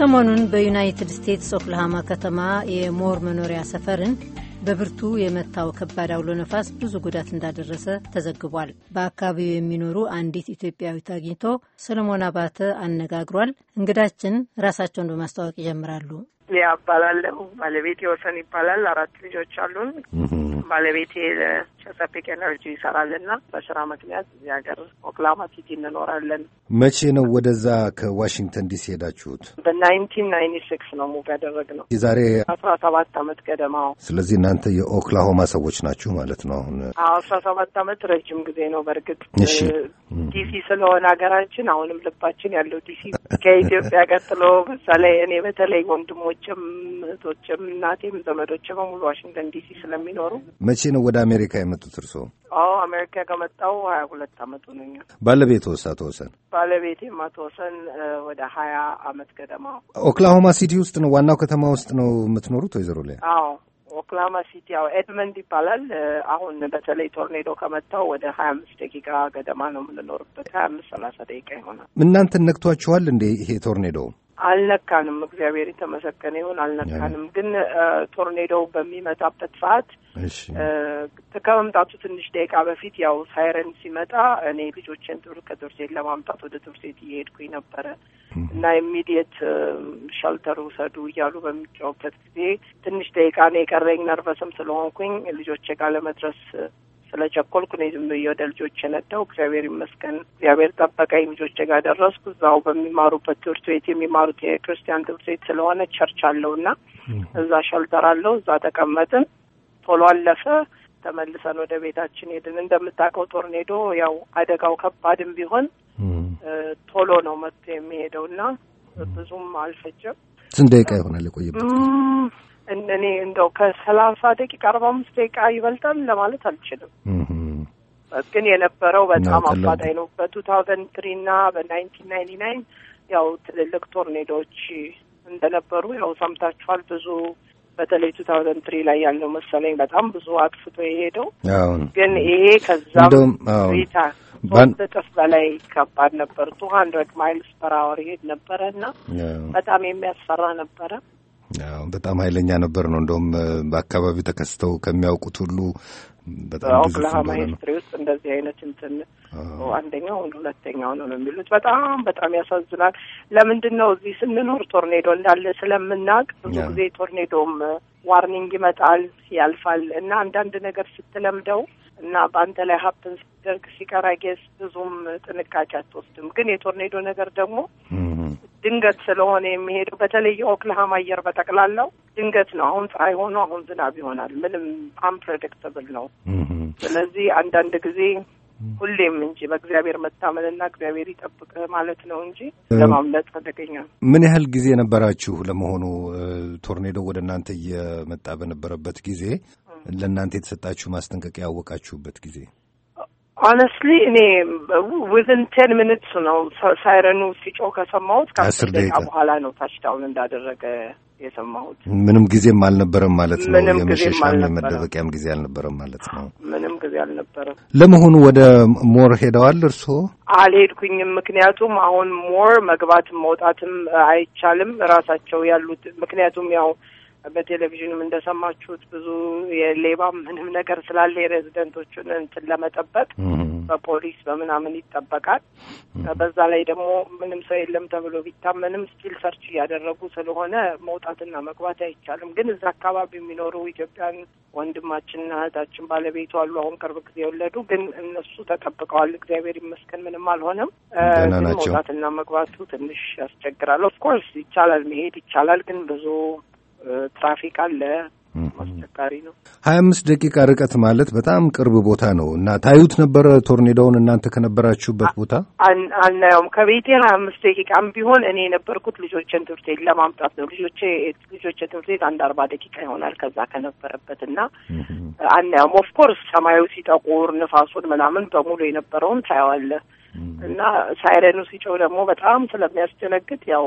ሰሞኑን በዩናይትድ ስቴትስ ኦክላሃማ ከተማ የሞር መኖሪያ ሰፈርን በብርቱ የመታው ከባድ አውሎ ነፋስ ብዙ ጉዳት እንዳደረሰ ተዘግቧል። በአካባቢው የሚኖሩ አንዲት ኢትዮጵያዊት አግኝቶ ሰለሞን አባተ አነጋግሯል። እንግዳችን ራሳቸውን በማስተዋወቅ ይጀምራሉ። ሊያ እባላለሁ። ባለቤቴ ወሰን ይባላል። አራት ልጆች አሉን። ባለቤቴ ቼሳፒክ ኤነርጂ ይሰራልና በስራ ምክንያት እዚህ ሀገር ኦክላማ ሲቲ እንኖራለን። መቼ ነው ወደዛ ከዋሽንግተን ዲሲ ሄዳችሁት? በናይንቲን ናይንቲ ሲክስ ነው ሙቭ ያደረግነው የዛሬ አስራ ሰባት አመት ገደማ። ስለዚህ እናንተ የኦክላሆማ ሰዎች ናችሁ ማለት ነው። አሁን አስራ ሰባት አመት ረጅም ጊዜ ነው በእርግጥ እሺ። ዲሲ ስለሆነ ሀገራችን አሁንም ልባችን ያለው ዲሲ ከኢትዮጵያ ቀጥሎ ምሳሌ እኔ በተለይ ወንድሞችም እህቶችም እናቴም ዘመዶችም በሙሉ ዋሽንግተን ዲሲ ስለሚኖሩ መቼ ነው ወደ አሜሪካ የመጡት እርስዎ? አዎ አሜሪካ ከመጣው ሀያ ሁለት አመቱ ነኛ። ባለቤት ወሳ ተወሰን? ባለቤቴም አቶ ወሰን ወደ ሀያ አመት ገደማ። ኦክላሆማ ሲቲ ውስጥ ነው ዋናው ከተማ ውስጥ ነው የምትኖሩት ወይዘሮ ላይ? አዎ ኦክላማ ሲቲ ያው ኤድመንድ ይባላል። አሁን በተለይ ቶርኔዶ ከመጣው ወደ ሀያ አምስት ደቂቃ ገደማ ነው የምንኖርበት። ሀያ አምስት ሰላሳ ደቂቃ ይሆናል። እናንተን ነግቷችኋል እንዴ ይሄ ቶርኔዶ? አልነካንም። እግዚአብሔር የተመሰገነ ይሁን አልነካንም። ግን ቶርኔዶው በሚመጣበት ሰዓት ከመምጣቱ ትንሽ ደቂቃ በፊት ያው ሳይረን ሲመጣ እኔ ልጆችን ትምህርት ከትምህርት ቤት ለማምጣት ወደ ትምህርት ቤት እየሄድኩኝ ነበረ እና ኢሚዲየት ሸልተር ውሰዱ እያሉ በሚጫወበት ጊዜ ትንሽ ደቂቃ ነው የቀረኝ። ነርቨስም ስለሆንኩኝ ልጆቼ ጋር ለመድረስ ስለ ቸኮልኩ እኔ ዝም ብዬ ወደ ልጆች የነዳው እግዚአብሔር ይመስገን። እግዚአብሔር ጠበቃኝ። ልጆቼ ጋር ደረስኩ። እዛው በሚማሩበት ትምህርት ቤት የሚማሩት የክርስቲያን ትምህርት ቤት ስለሆነ ቸርች አለው እና እዛ ሸልተር አለው። እዛ ተቀመጥን። ቶሎ አለፈ። ተመልሰን ወደ ቤታችን ሄድን። እንደምታውቀው ቶርኔዶ ያው አደጋው ከባድም ቢሆን ቶሎ ነው መጥቶ የሚሄደው እና ብዙም አልፈጀም። ስንት ደቂቃ ይሆናል የቆየበት? እኔ እንደው ከሰላሳ ደቂቃ አርባ አምስት ደቂቃ ይበልጣል ለማለት አልችልም። ግን የነበረው በጣም አፋጣኝ ነው። በቱ ታውዘንድ ትሪ እና በናይንቲን ናይንቲ ናይን ያው ትልልቅ ቶርኔዶዎች እንደነበሩ ያው ሰምታችኋል። ብዙ በተለይ ቱ ታውዘንድ ትሪ ላይ ያለው መሰለኝ በጣም ብዙ አጥፍቶ የሄደው ግን ይሄ ከዛም ሪታ ሶስት እጥፍ በላይ ከባድ ነበር። ቱ ሀንድረድ ማይልስ ፐር አወር ይሄድ ነበረ እና በጣም የሚያስፈራ ነበረ። በጣም ኃይለኛ ነበር ነው። እንደውም በአካባቢው ተከስተው ከሚያውቁት ሁሉ በጣም ሂስትሪ ውስጥ እንደዚህ አይነት እንትን አንደኛው ሁለተኛው ነው የሚሉት። በጣም በጣም ያሳዝናል። ለምንድን ነው እዚህ ስንኖር ቶርኔዶ እንዳለ ስለምናውቅ ብዙ ጊዜ ቶርኔዶም ዋርኒንግ ይመጣል ያልፋል እና አንዳንድ ነገር ስትለምደው እና በአንተ ላይ ሀብትን ሲደርግ ሲቀራጌስ ብዙም ጥንቃቄ አትወስድም። ግን የቶርኔዶ ነገር ደግሞ ድንገት ስለሆነ የሚሄደው በተለይ የኦክላሃማ አየር በጠቅላላው ድንገት ነው። አሁን ፀሐይ ሆኖ አሁን ዝናብ ይሆናል። ምንም አንፕሬዲክትብል ነው። ስለዚህ አንዳንድ ጊዜ ሁሌም እንጂ በእግዚአብሔር መታመንና እግዚአብሔር ይጠብቅ ማለት ነው እንጂ ለማምለጥ አደገኛ ምን ያህል ጊዜ ነበራችሁ ለመሆኑ ቶርኔዶ ወደ እናንተ እየመጣ በነበረበት ጊዜ ለእናንተ የተሰጣችሁ ማስጠንቀቂያ ያወቃችሁበት ጊዜ? ኦነስትሊ እኔ ዊዝን ቴን ሚኒትስ ነው ሳይረኑ ሲጮህ ከሰማሁት ከአስር ደቂቃ በኋላ ነው ታችዳውን እንዳደረገ የሰማሁት። ምንም ጊዜም አልነበረም ማለት ነው። የመሸሻም የመደበቂያም ጊዜ አልነበረም ማለት ነው። ምንም ጊዜ አልነበረም። ለመሆኑ ወደ ሞር ሄደዋል እርስዎ? አልሄድኩኝም። ምክንያቱም አሁን ሞር መግባትም መውጣትም አይቻልም ራሳቸው ያሉት ምክንያቱም ያው በቴሌቪዥንም እንደሰማችሁት ብዙ የሌባ ምንም ነገር ስላለ የሬዚደንቶቹን እንትን ለመጠበቅ በፖሊስ በምናምን ይጠበቃል። በዛ ላይ ደግሞ ምንም ሰው የለም ተብሎ ቢታመንም ስቲል ሰርች እያደረጉ ስለሆነ መውጣትና መግባት አይቻልም። ግን እዛ አካባቢ የሚኖሩ ኢትዮጵያን ወንድማችንና እህታችን ባለቤቱ አሉ፣ አሁን ቅርብ ጊዜ የወለዱ ግን እነሱ ተጠብቀዋል። እግዚአብሔር ይመስገን ምንም አልሆነም። ግን መውጣትና መግባቱ ትንሽ ያስቸግራል። ኦፍኮርስ ይቻላል፣ መሄድ ይቻላል። ግን ብዙ ትራፊክ አለ፣ አስቸጋሪ ነው። ሀያ አምስት ደቂቃ ርቀት ማለት በጣም ቅርብ ቦታ ነው እና ታዩት ነበረ ቶርኔዶውን እናንተ ከነበራችሁበት ቦታ? አናየውም። ከቤቴ ሀያ አምስት ደቂቃም ቢሆን እኔ የነበርኩት ልጆችን ትምህርት ቤት ለማምጣት ነው። ልጆቼ ልጆቼ ትምህርት ቤት አንድ አርባ ደቂቃ ይሆናል ከዛ ከነበረበት እና አናየውም። ኦፍኮርስ ሰማዩ ሲጠቁር ንፋሱን ምናምን በሙሉ የነበረውን ታየዋለህ እና ሳይረኑ ሲጨው ደግሞ በጣም ስለሚያስደነግጥ ያው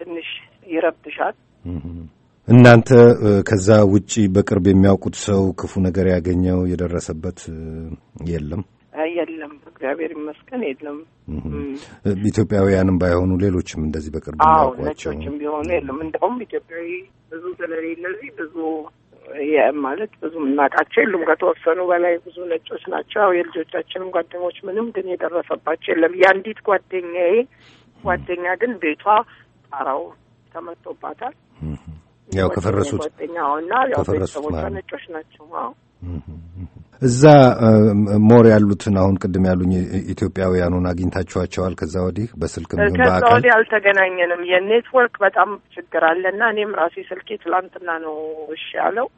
ትንሽ ይረብሻል። እናንተ ከዛ ውጪ በቅርብ የሚያውቁት ሰው ክፉ ነገር ያገኘው የደረሰበት የለም? የለም፣ እግዚአብሔር ይመስገን የለም። ኢትዮጵያውያንም ባይሆኑ ሌሎችም እንደዚህ በቅርብ የሚያውቋቸው ነጮችም ቢሆኑ የለም። እንደውም ኢትዮጵያዊ ብዙ ስለሌለ ብዙ ማለት ብዙ የምናውቃቸው የሉም። ከተወሰኑ በላይ ብዙ ነጮች ናቸው የልጆቻችንም ጓደኞች፣ ምንም ግን የደረሰባቸው የለም። የአንዲት ጓደኛዬ ጓደኛ ግን ቤቷ ጣራው ተመቶባታል። ያው ከፈረሱት ከፈረሱት ማለት ነጮች ናቸው። እዛ ሞር ያሉትን አሁን ቅድም ያሉኝ ኢትዮጵያውያኑን አግኝታችኋቸዋል? ከዛ ወዲህ በስልክ ከዛ ወዲህ አልተገናኘንም። የኔትወርክ በጣም ችግር አለና እኔም ራሴ ስልኬ ትላንትና ነው እሺ ያለው።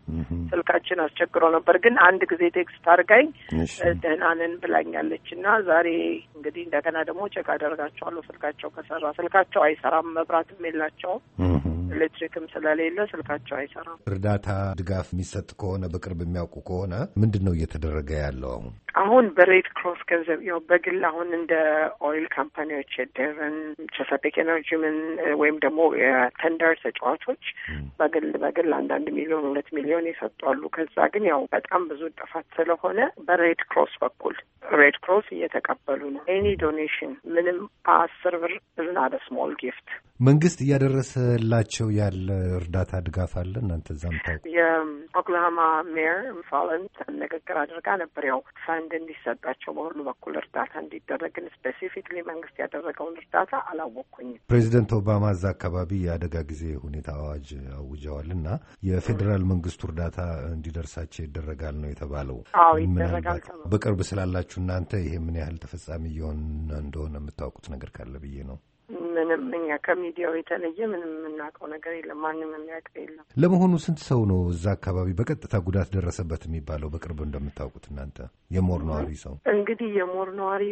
ስልካችን አስቸግሮ ነበር፣ ግን አንድ ጊዜ ቴክስት አድርጋኝ ደህና ነን ብላኛለች። እና ዛሬ እንግዲህ እንደገና ደግሞ ቼክ አደርጋቸዋለሁ ስልካቸው ከሰራ። ስልካቸው አይሰራም፣ መብራትም የላቸውም፣ ኤሌክትሪክም ስለሌለ ስልካቸው አይሰራም። እርዳታ ድጋፍ የሚሰጥ ከሆነ በቅርብ የሚያውቁ ከሆነ ምንድን ነው እየተደረገ ያለው አሁን? አሁን በሬድ ክሮስ ገንዘብ ያው በግል አሁን እንደ ኦይል ካምፓኒዎች የደርን ቸሳፔክ ኤነርጂምን ወይም ደግሞ የተንደር ተጫዋቾች በግል በግል አንዳንድ ሚሊዮን ሁለት ሚሊዮን የሰጧሉ። ከዛ ግን ያው በጣም ብዙ ጥፋት ስለሆነ በሬድ ክሮስ በኩል ሬድ ክሮስ እየተቀበሉ ነው። ኤኒ ዶኔሽን ምንም አስር ብር ብዝና ስሞል ጊፍት መንግስት እያደረሰላቸው ያለ እርዳታ ድጋፍ አለ። እናንተ ዛምታ የኦክላሃማ ሜር ፋለን ንግግር አድርጋ ነበር ያው ፈንድ እንዲሰጣቸው በሁሉ በኩል እርዳታ እንዲደረግን ስፔሲፊክሊ መንግስት ያደረገውን እርዳታ አላወቅኩኝም። ፕሬዚደንት ኦባማ እዛ አካባቢ የአደጋ ጊዜ ሁኔታ አዋጅ አውጀዋል እና የፌዴራል መንግስቱ እርዳታ እንዲደርሳቸው ይደረጋል ነው የተባለው። አዎ ይደረጋል። በቅርብ ስላላችሁ እናንተ ይሄ ምን ያህል ተፈጻሚ እየሆነ እንደሆነ የምታውቁት ነገር ካለ ብዬ ነው። ምንም እኛ ከሚዲያው የተለየ ምንም የምናውቀው ነገር የለም። ማንም የሚያውቀው የለም። ለመሆኑ ስንት ሰው ነው እዛ አካባቢ በቀጥታ ጉዳት ደረሰበት የሚባለው? በቅርብ እንደምታውቁት እናንተ የሞር ነዋሪ ሰው እንግዲህ የሞር ነዋሪ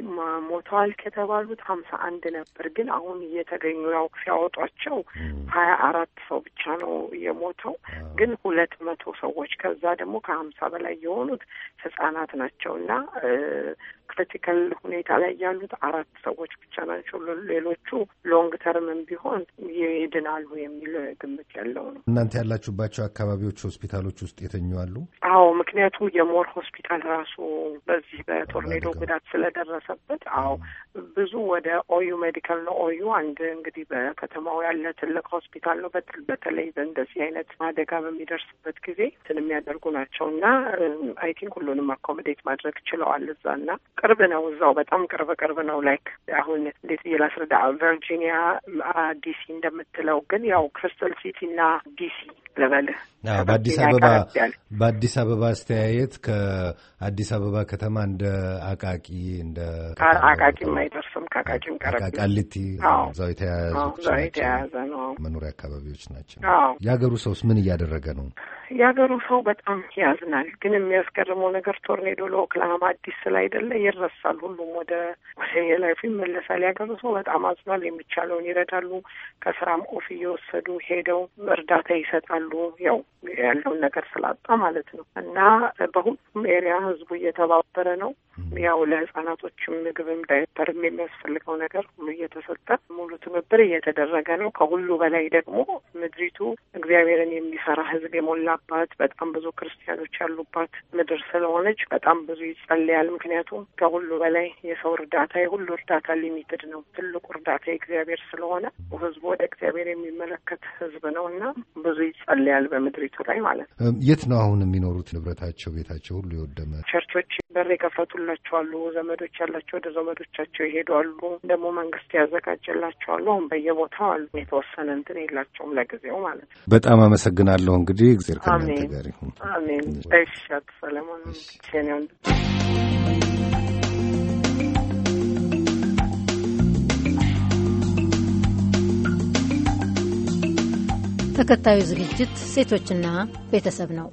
ሞተዋል ከተባሉት ሀምሳ አንድ ነበር፣ ግን አሁን እየተገኙ ያው ሲያወጧቸው ሀያ አራት ሰው ብቻ ነው የሞተው፣ ግን ሁለት መቶ ሰዎች ከዛ ደግሞ ከሀምሳ በላይ የሆኑት ህጻናት ናቸው እና ክሪቲካል ሁኔታ ላይ ያሉት አራት ሰዎች ብቻ ናቸው። ሌሎቹ ሎንግ ተርምም ቢሆን ይድናሉ የሚል ግምት ያለው ነው። እናንተ ያላችሁባቸው አካባቢዎች ሆስፒታሎች ውስጥ የተኙ አሉ? አዎ፣ ምክንያቱ የሞር ሆስፒታል ራሱ በዚህ በቶርኔዶ ጉዳት ስለደረሰበት፣ አዎ ብዙ ወደ ኦዩ ሜዲካል ነው። ኦዩ አንድ እንግዲህ በከተማው ያለ ትልቅ ሆስፒታል ነው። በተለይ በእንደዚህ አይነት አደጋ በሚደርስበት ጊዜ እንትን የሚያደርጉ ናቸው እና አይ ቲንክ ሁሉንም አኮሞዴት ማድረግ ችለዋል እዛ እና ቅርብ ነው፣ እዛው በጣም ቅርብ ቅርብ ነው። ላይክ አሁን እንዴት እየላስረዳ ቨርጂኒ ቨርጂኒያ ዲሲ እንደምትለው ግን ያው ክሪስታል ሲቲና ዲሲ ልበልህ በአዲስ አበባ በአዲስ አበባ አስተያየት ከአዲስ አበባ ከተማ እንደ አቃቂ እንደ አቃቂም አይደርስም ከአቃቂም ቀረብ ቃሊቲ እዛው የተያያዘ ነው። መኖሪያ አካባቢዎች ናቸው። የሀገሩ ሰውስ ምን እያደረገ ነው? የሀገሩ ሰው በጣም ያዝናል። ግን የሚያስገርመው ነገር ቶርኔዶ ለኦክላሃማ አዲስ ስላይደለ ይረሳል። ሁሉም ወደ የላይፉ ይመለሳል። የሀገሩ ሰው በጣም አዝኗል። የሚቻለውን ይረዳሉ። ከስራም ኦፍ እየወሰዱ ሄደው እርዳታ ይሰጣሉ። ያው ያለውን ነገር ስላጣ ማለት ነው እና በሁሉም ኤሪያ ህዝቡ እየተባበረ ነው። ያው ለህጻናቶችም ምግብም ዳይፐርም የሚያስፈልገው ነገር ሁሉ እየተሰጠ ሙሉ ትብብር እየተደረገ ነው ከሁሉ በላይ ደግሞ ምድሪቱ እግዚአብሔርን የሚፈራ ህዝብ የሞላባት በጣም ብዙ ክርስቲያኖች ያሉባት ምድር ስለሆነች በጣም ብዙ ይጸለያል። ምክንያቱም ከሁሉ በላይ የሰው እርዳታ የሁሉ እርዳታ ሊሚትድ ነው። ትልቁ እርዳታ የእግዚአብሔር ስለሆነ ህዝቡ ወደ እግዚአብሔር የሚመለከት ህዝብ ነው እና ብዙ ይጸለያል በምድሪቱ ላይ ማለት ነው። የት ነው አሁን የሚኖሩት? ንብረታቸው፣ ቤታቸው ሁሉ የወደመ ቸርቾች በር የከፈቱላቸዋሉ። ዘመዶች ያላቸው ወደ ዘመዶቻቸው ይሄዱ ደግሞ መንግስት ያዘጋጀላቸዋሉ። አሁን በየቦታው አሉ። የተወሰነ እንትን የላቸውም ለጊዜው ማለት ነው። በጣም አመሰግናለሁ። እንግዲህ እግዜር ከእናንተ ጋር ይሁን። አሜን። እሺ፣ አቶ ሰለሞን ኔ ተከታዩ ዝግጅት ሴቶችና ቤተሰብ ነው።